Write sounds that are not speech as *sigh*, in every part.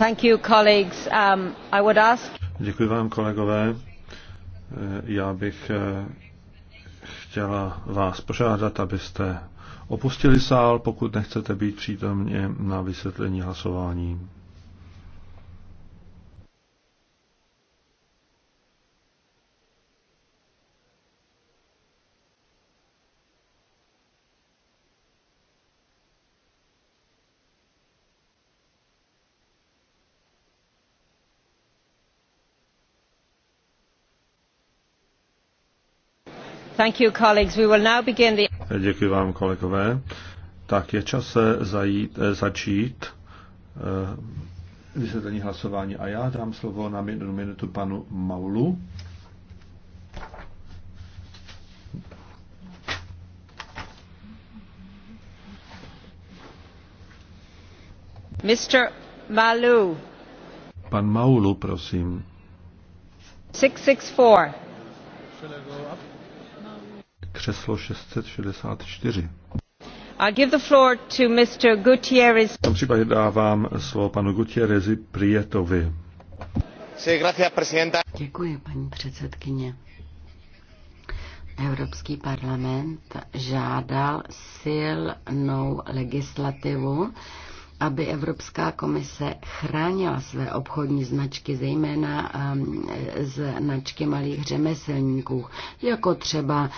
Um, Děkuji vám, kolegové. Eh, já bych eh, chtěla vás požádat, abyste opustili sál, pokud nechcete být přítomně na vysvětlení hlasování. You, the... Děkuji vám, kolegové. Tak je čas zajít, eh, začít eh, vysvětlení hlasování a já dám slovo na jednu minutu panu Maulu. Mr. Malu. Pan Maulu, prosím. 664 křeslo 664. I give the floor to Mr. Gutierrez. V tom případě dávám slovo panu Gutierrezi Prietovi. Děkuji, paní předsedkyně. Evropský parlament žádal silnou legislativu, aby Evropská komise chránila své obchodní značky, zejména um, značky malých řemeslníků, jako třeba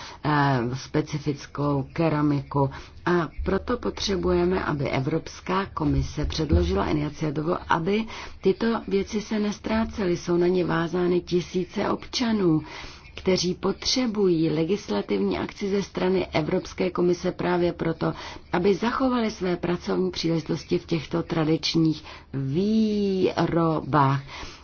uh, specifickou keramiku. A proto potřebujeme, aby Evropská komise předložila iniciativu, aby tyto věci se nestrácely. Jsou na ně vázány tisíce občanů kteří potřebují legislativní akci ze strany Evropské komise právě proto, aby zachovali své pracovní příležitosti v těchto tradičních výrobách.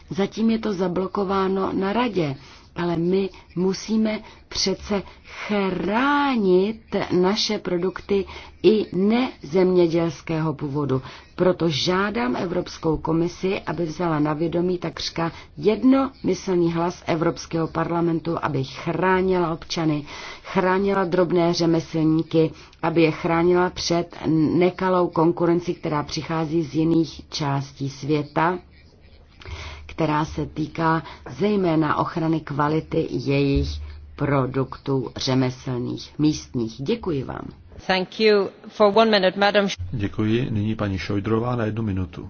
Zatím je to zablokováno na radě ale my musíme přece chránit naše produkty i nezemědělského původu. Proto žádám Evropskou komisi, aby vzala na vědomí takřka jednomyslný hlas Evropského parlamentu, aby chránila občany, chránila drobné řemeslníky, aby je chránila před nekalou konkurenci, která přichází z jiných částí světa která se týká zejména ochrany kvality jejich produktů řemeslných, místních. Děkuji vám. Thank you for one minute, madam. Děkuji. Nyní paní Šojdrová na jednu minutu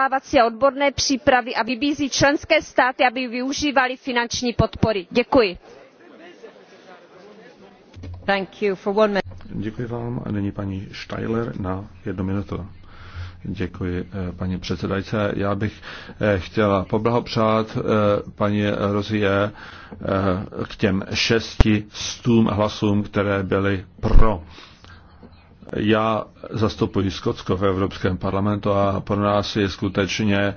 vzdělávací a odborné přípravy a vybízí členské státy aby využívaly finanční podpory. děkuji. Děkuji vám. A paní Steiler na jednu minutu. Děkuji, eh, Já bych eh, chtěla poblahopřát eh, paní Rozie k těm šesti stům hlasům, které byly pro já zastupuji Skotsko v Evropském parlamentu a pro nás je skutečně eh,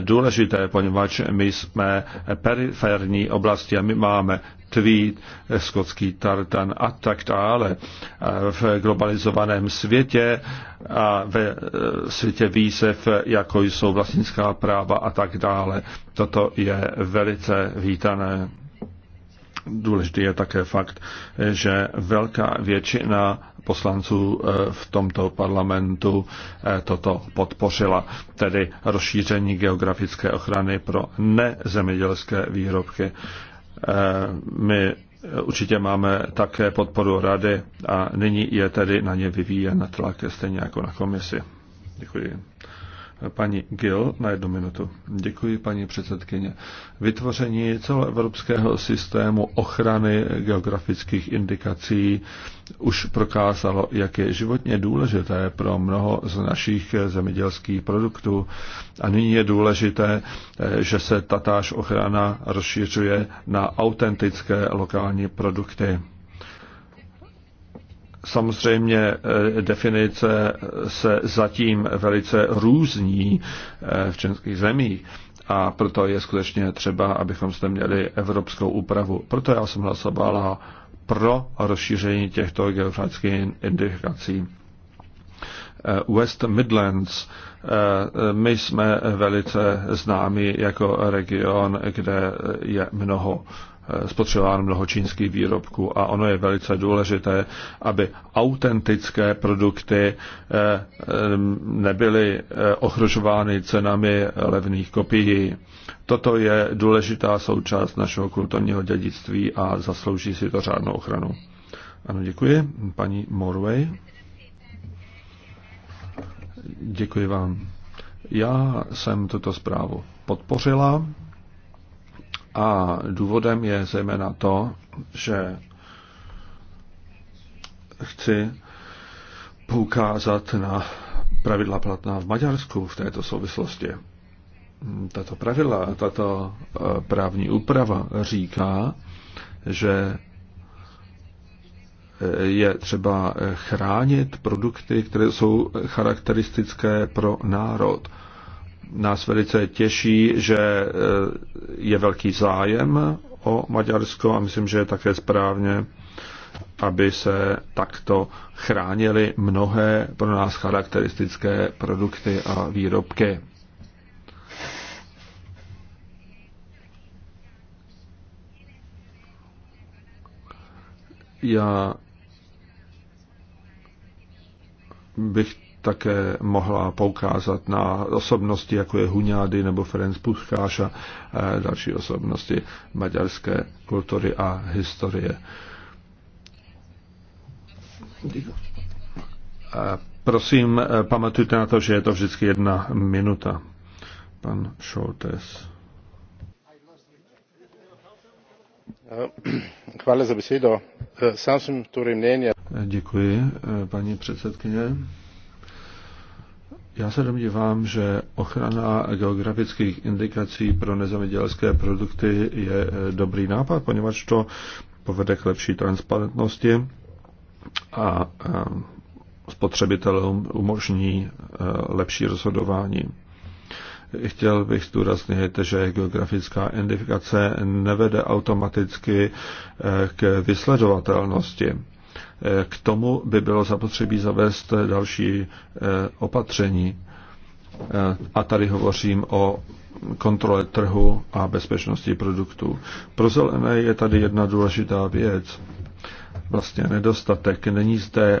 důležité, poněvadž my jsme periferní oblasti a my máme Tweed, eh, skotský tartan a tak dále. Eh, v globalizovaném světě a ve světě výsev, jako jsou vlastnická práva a tak dále. Toto je velice vítané. Důležitý je také fakt, že velká většina poslanců eh, v tomto parlamentu eh, toto podpořila, tedy rozšíření geografické ochrany pro nezemědělské výrobky. Eh, my určitě máme také podporu rady a nyní je tedy na ně vyvíjen tlak stejně jako na komisi. Děkuji paní Gill na jednu minutu. Děkuji, paní předsedkyně. Vytvoření celoevropského systému ochrany geografických indikací už prokázalo, jak je životně důležité pro mnoho z našich zemědělských produktů. A nyní je důležité, že se tatáž ochrana rozšiřuje na autentické lokální produkty. Samozřejmě eh, definice se zatím velice různí eh, v českých zemích a proto je skutečně třeba, abychom zde měli evropskou úpravu. Proto já jsem hlasovala pro rozšíření těchto geografických indikací. Eh, West Midlands. My jsme velice známi jako region, kde je mnoho Eh, spotřebováno mnoho čínských výrobků a ono je velice důležité, aby autentické produkty eh, eh, nebyly ohrožovány cenami levných kopií. Toto je důležitá součást našeho kulturního dědictví a zaslouží si to řádnou ochranu. Ano, děkuji. Paní Morway. Děkuji vám. Já jsem tuto zprávu podpořila. A důvodem je zejména to, že chci poukázat na pravidla platná v Maďarsku v této souvislosti. Tato pravidla, tato e, právní úprava říká, že e, je třeba chránit produkty, které jsou charakteristické pro národ nás velice těší, že eh, je velký zájem o Maďarsko a myslím, že je také správně, aby se takto chránili mnohé pro nás charakteristické produkty a výrobky. Já bych také mohla poukázat na osobnosti, jako je Huňády nebo Ferenc Pucháš a další osobnosti maďarské kultury a historie. Prosím, pamatujte na to, že je to vždycky jedna minuta. Pan Šoltes. Hvala za besedo. Sam jsem torej mnenja. Děkuji, paní předsedkyně. Já se domnívám, že ochrana geografických indikací pro nezemědělské produkty je eh, dobrý nápad, poněvadž to povede k lepší transparentnosti a eh, spotřebitelům umožní eh, lepší rozhodování. Chtěl bych zdůraznit, že geografická identifikace nevede automaticky k vysledovatelnosti k tomu by bylo zapotřebí zavést další eh, opatření. Eh, a tady hovořím o kontrole trhu a bezpečnosti produktů. Pro zelené je tady jedna důležitá věc. Vlastně nedostatek. Není zde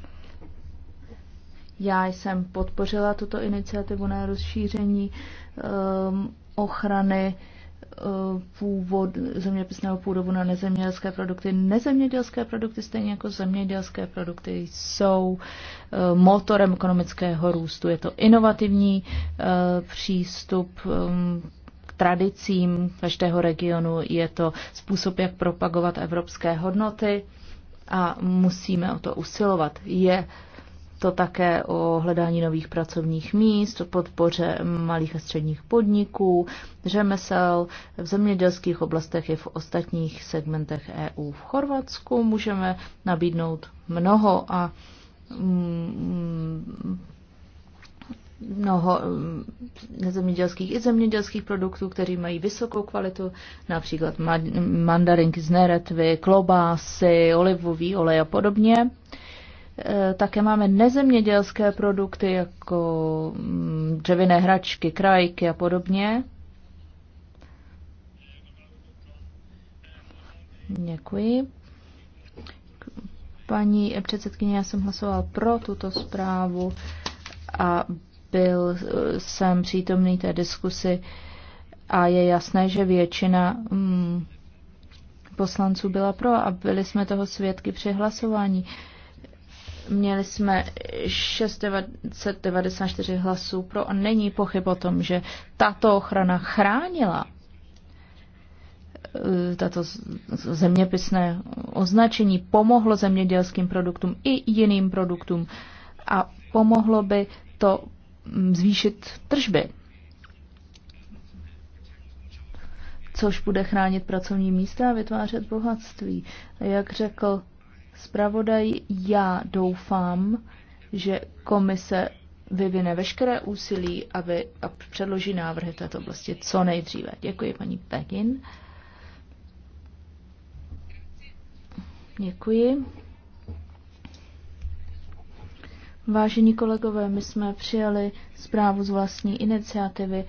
Já jsem podpořila tuto iniciativu na rozšíření um, ochrany eh, původ, zeměpisného původu na nezemědělské produkty. Nezemědělské produkty, stejně jako zemědělské produkty, jsou eh, motorem ekonomického růstu. Je to inovativní eh, přístup ehm, k tradicím každého regionu, je to způsob, jak propagovat evropské hodnoty a musíme o to usilovat. Je to také o hledání nových pracovních míst, o podpoře malých a středních podniků, řemesel v zemědělských oblastech i v ostatních segmentech EU. V Chorvatsku můžeme nabídnout mnoho a mm, mm, mnoho nezemědělských mm, i zemědělských produktů, které mají vysokou kvalitu, například mandarinky z neretvy, klobásy, olivový olej a podobně. Eh, také máme nezemědělské produkty jako mm, dřevěné hračky, krajky a podobně. Děkuji. Paní předsedkyně, já jsem hlasoval pro tuto zprávu a byl eh, jsem přítomný té diskusi a je jasné, že většina mm, poslanců byla pro a byli jsme toho svědky při hlasování. Měli jsme 694 hlasů pro a není pochyb o tom, že tato ochrana chránila eh, tato zeměpisné označení pomohlo zemědělským produktům i jiným produktům a pomohlo by to mm, zvýšit tržby, což bude chránit pracovní místa a vytvářet bohatství. Jak řekl Spravodaj, já doufám, že komise vyvine veškeré úsilí aby, a předloží návrhy této oblasti co nejdříve. Děkuji, paní Pekin. Děkuji. Vážení kolegové, my jsme přijali zprávu z vlastní iniciativy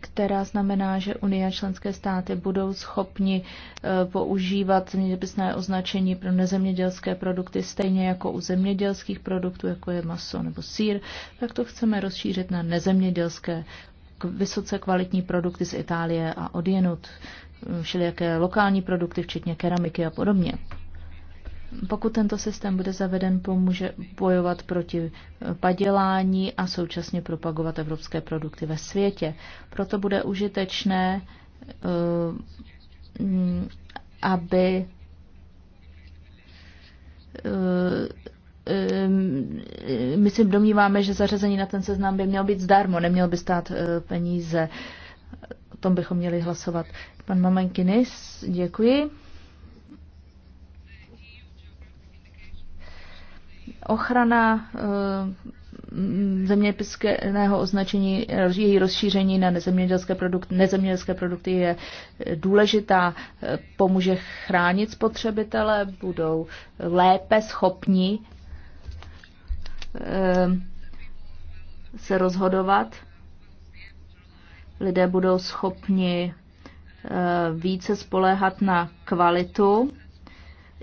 která znamená, že Unie a členské státy budou schopni eh, používat zeměpisné označení pro nezemědělské produkty stejně jako u zemědělských produktů, jako je maso nebo sír, tak to chceme rozšířit na nezemědělské vysoce kvalitní produkty z Itálie a odjenut, eh, všelijaké lokální produkty, včetně keramiky a podobně. Pokud tento systém bude zaveden, pomůže bojovat proti eh, padělání a současně propagovat evropské produkty ve světě. Proto bude užitečné, eh, mm, aby eh, my si domníváme, že zařazení na ten seznam by mělo být zdarmo, neměl by stát peníze. O tom bychom měli hlasovat. Pan Mamenkinis, děkuji. Ochrana eh, zeměpisného označení, její rozšíření na nezemědělské produkty, nezemědělské produkty je eh, důležitá, eh, pomůže chránit spotřebitele, budou lépe schopni se rozhodovat, lidé budou schopni více spoléhat na kvalitu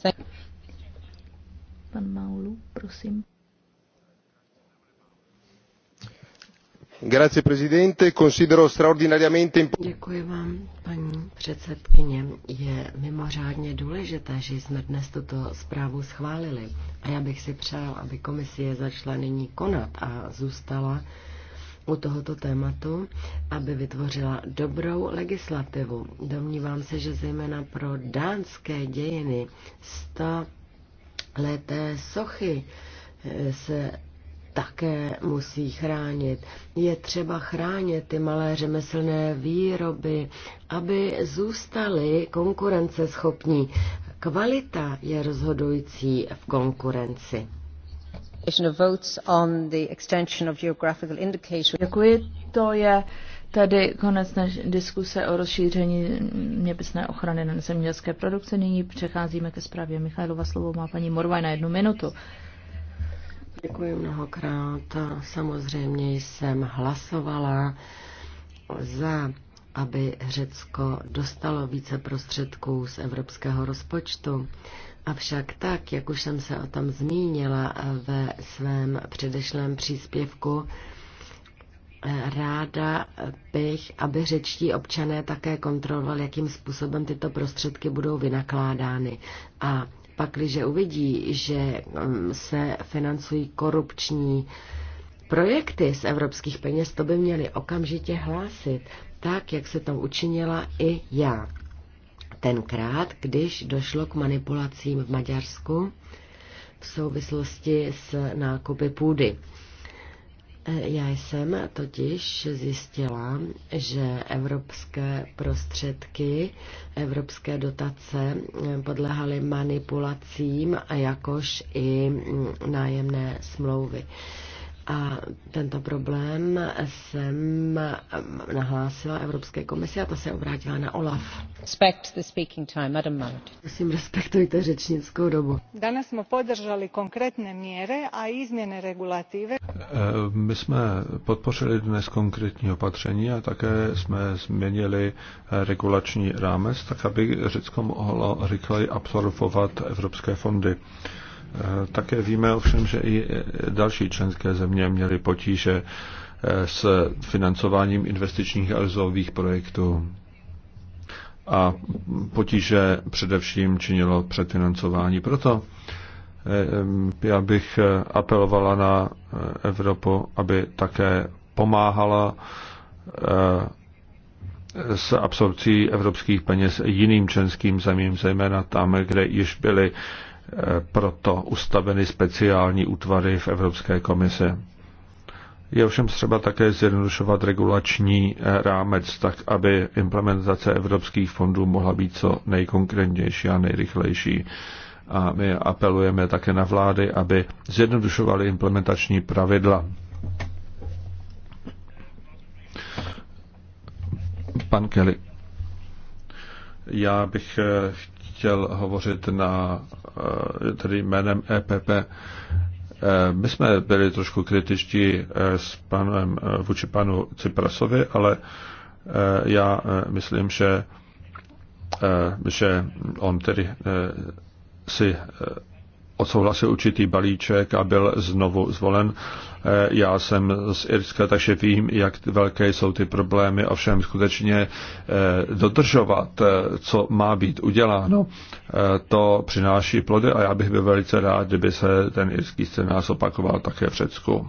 se. Pan Maulu, prosím. Grazie, presidente. Considero straordinariamente Děkuji vám, paní předsedkyně. Je mimořádně důležité, že jsme dnes tuto zprávu schválili. A já bych si přál, aby komisie začala nyní konat a zůstala u tohoto tématu, aby vytvořila dobrou legislativu. Domnívám se, že zejména pro dánské dějiny 100 leté sochy eh, se také musí chránit. Je třeba chránit ty malé řemeslné výroby, aby zůstaly konkurenceschopní. Kvalita je rozhodující v konkurenci. Děkuji, to je tedy konec diskuse o rozšíření měpisné ochrany na zemědělské produkce. Nyní přecházíme ke zprávě Michailova. Slovo má paní Morva na jednu minutu. Děkuji mnohokrát. Samozřejmě jsem hlasovala za, aby Řecko dostalo více prostředků z evropského rozpočtu. Avšak tak, jak už jsem se o tom zmínila ve svém předešlém příspěvku, ráda bych, aby řečtí občané také kontrolovali, jakým způsobem tyto prostředky budou vynakládány. A pak, když uvidí, že mm, se financují korupční projekty z evropských peněz, to by měli okamžitě hlásit, tak, jak se to učinila i já tenkrát, když došlo k manipulacím v Maďarsku v souvislosti s nákupy půdy. E, já jsem totiž zjistila, že evropské prostředky, evropské dotace e, podléhaly manipulacím a jakož i nájemné smlouvy. A tento problém jsem eh, nahlásila Evropské komisi a ta se obrátila na OLAF. Respect the speaking time, Madam Mallard. Prosím, respektujte řečnickou dobu. Dnes jsme podržali konkrétné měry a změny regulativy. Eh, my jsme podpořili dnes konkrétní opatření a také jsme změnili eh, regulační rámec, tak aby Řecko mohlo rychleji absorbovat evropské fondy. Eh, také víme ovšem, že i eh, další členské země měly potíže eh, s financováním investičních a rozvojových projektů. A potíže především činilo předfinancování. Proto já bych apelovala na Evropu, aby také pomáhala s absorpcí evropských peněz jiným členským zemím, zejména tam, kde již byly proto ustaveny speciální útvary v Evropské komisi. Je ovšem třeba také zjednodušovat regulační eh, rámec tak, aby implementace evropských fondů mohla být co nejkonkrétnější a nejrychlejší. A my apelujeme také na vlády, aby zjednodušovaly implementační pravidla. Pan Kelly. Já bych eh, chtěl hovořit na, eh, tedy jménem EPP. Eh, my jsme byli trošku kritičtí eh, s panem, vůči panu Ciprasovi, ale já myslím, že, že on tedy si odsouhlasil určitý balíček a byl znovu zvolen. Eh, já jsem z Irska, takže vím, jak velké jsou ty problémy, ovšem skutečně eh, dodržovat, eh, co má být uděláno, to přináší plody a já bych byl velice rád, kdyby se ten irský scénář opakoval také v Řecku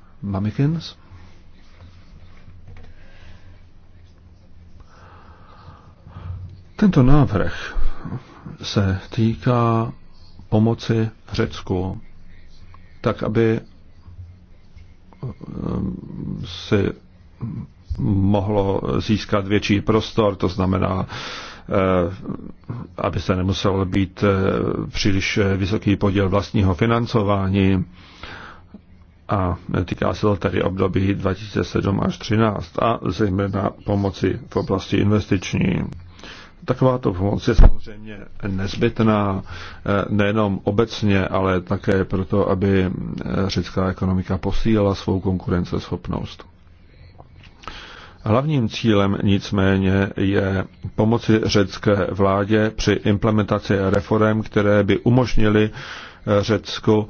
Mamikins. Tento návrh se týká pomoci Řecku, tak aby ehm, si mohlo získat větší prostor, to znamená, ehm, aby se nemusel být ehm, příliš vysoký podíl vlastního financování a týká se to tedy období 2007 až 2013 a zejména pomoci v oblasti investiční. Takováto pomoc je samozřejmě nezbytná eh, nejenom obecně, ale také proto, aby eh, řecká ekonomika posílila svou konkurenceschopnost. Hlavním cílem nicméně je pomoci řecké vládě při implementaci reform, které by umožnily eh, Řecku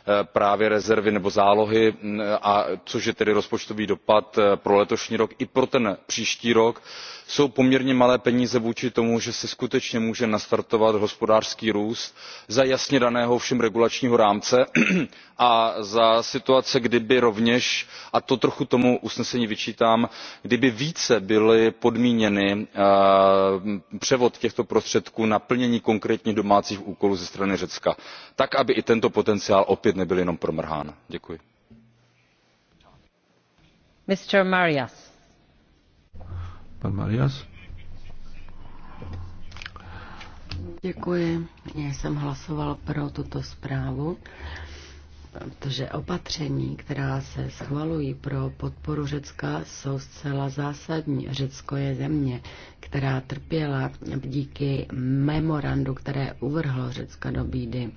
Eh, právě rezervy nebo zálohy mm, což je tedy rozpočtový dopad eh, pro letošní rok i pro ten příští rok jsou poměrně malé peníze vůči tomu že se skutečně může nastartovat hospodářský růst za jasně daného ovšem regulačního rámce *clears throat* a za situace kdyby rovněž a to trochu tomu usnesení vyčítám kdyby více byl podmíněn eh, převod těchto prostředků na plnění konkrétních domácích úkolů ze strany řecka tak aby i tento potenciál opět nebyl jenom promrhán. děkuji. Mr. Marias. Pan Marias. Děkuji. Já jsem hlasoval pro tuto zprávu, protože opatření, která se schvalují pro podporu Řecka, jsou zcela zásadní. Řecko je země, která trpěla díky memorandu, které uvrhlo Řecka do bídy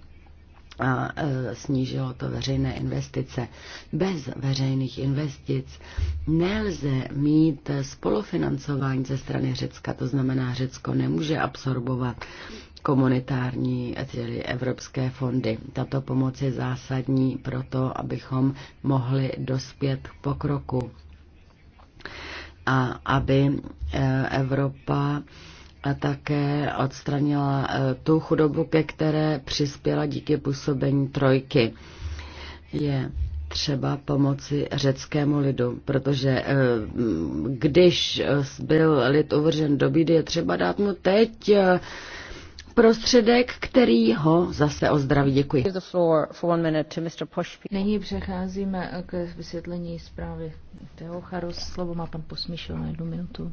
a e, snížilo to veřejné investice. Bez veřejných investic nelze mít spolufinancování ze strany Řecka, to znamená, Řecko nemůže absorbovat komunitární, tedy evropské fondy. Tato pomoc je zásadní pro to, abychom mohli dospět k pokroku a aby e, Evropa a také odstranila eh, tu chudobu, ke které přispěla díky působení trojky. Je třeba pomoci řeckému lidu, protože eh, když eh, byl lid uvržen do bídy, je třeba dát mu teď prostředek, který ho zase ozdraví. Děkuji. Nyní přecházíme k vysvětlení zprávy Teocharos. Slovo má pan Posmíšil na jednu minutu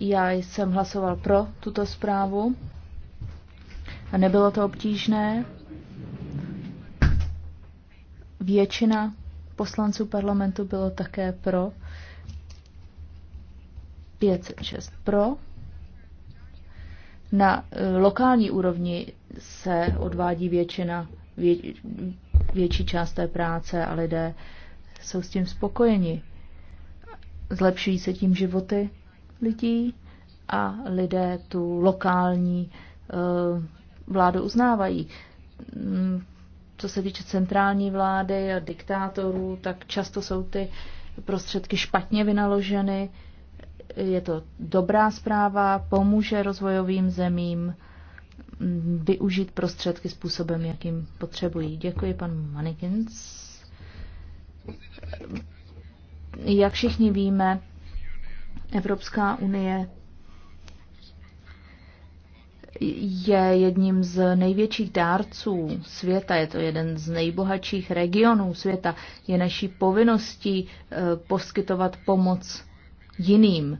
Já jsem hlasoval pro tuto zprávu a nebylo to obtížné. Většina poslanců parlamentu bylo také pro. 506 pro. Na eh, lokální úrovni se odvádí většina, vě, větší část té práce a lidé jsou s tím spokojeni. Zlepšují se tím životy lidí a lidé tu lokální eh, vládu uznávají. Mm, co se týče centrální vlády a diktátorů, tak často jsou ty prostředky špatně vynaloženy. Je to dobrá zpráva, pomůže rozvojovým zemím mm, využít prostředky způsobem, jakým potřebují. Děkuji, pan Manikins. Jak všichni víme, Evropská unie je jedním z největších dárců světa, je to jeden z nejbohatších regionů světa. Je naší povinností eh, poskytovat pomoc jiným.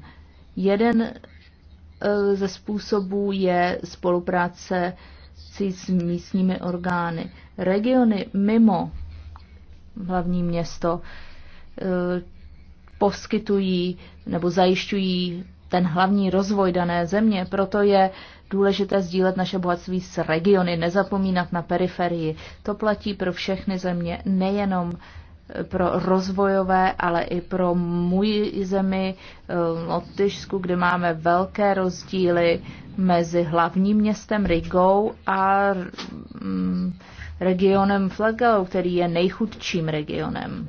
Jeden eh, ze způsobů je spolupráce s místními orgány. Regiony mimo hlavní město eh, poskytují nebo zajišťují ten hlavní rozvoj dané země. Proto je důležité sdílet naše bohatství s regiony, nezapomínat na periferii. To platí pro všechny země, nejenom eh, pro rozvojové, ale i pro můj zemi eh, Lotyšsku, kde máme velké rozdíly mezi hlavním městem Rigou a mm, regionem Flagelou, který je nejchudším regionem.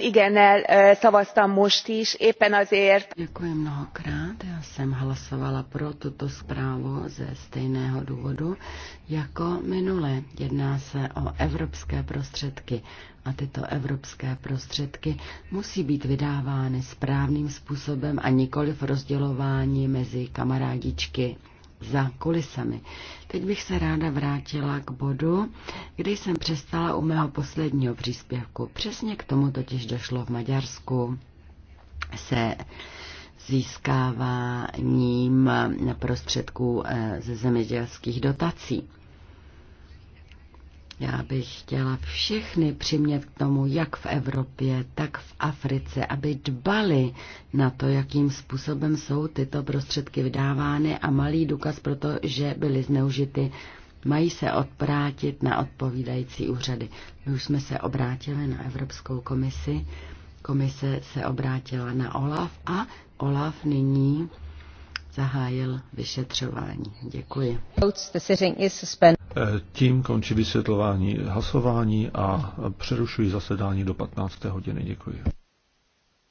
igennel szavaztam most is hlasovala azért mert zprávu ze stejného důvodu jako minule. Jedná se o evropské prostředky a tyto evropské prostředky musí být vydávány správným způsobem a nikoliv rozdělování mezi za kulisami. Teď bych se ráda vrátila k bodu, kde jsem přestala u mého posledního příspěvku. Přesně k tomu totiž došlo v Maďarsku se získáváním prostředků eh, ze zemědělských dotací. Já bych chtěla všechny přimět k tomu, jak v Evropě, tak v Africe, aby dbali na to, jakým způsobem jsou tyto prostředky vydávány a malý důkaz pro to, že byly zneužity, mají se odprátit na odpovídající úřady. My už jsme se obrátili na Evropskou komisi, komise se obrátila na OLAF a OLAF nyní zahájil vyšetřování. Děkuji. Tím končí vysvětlování hlasování a přerušuji zasedání do 15. hodiny. Děkuji.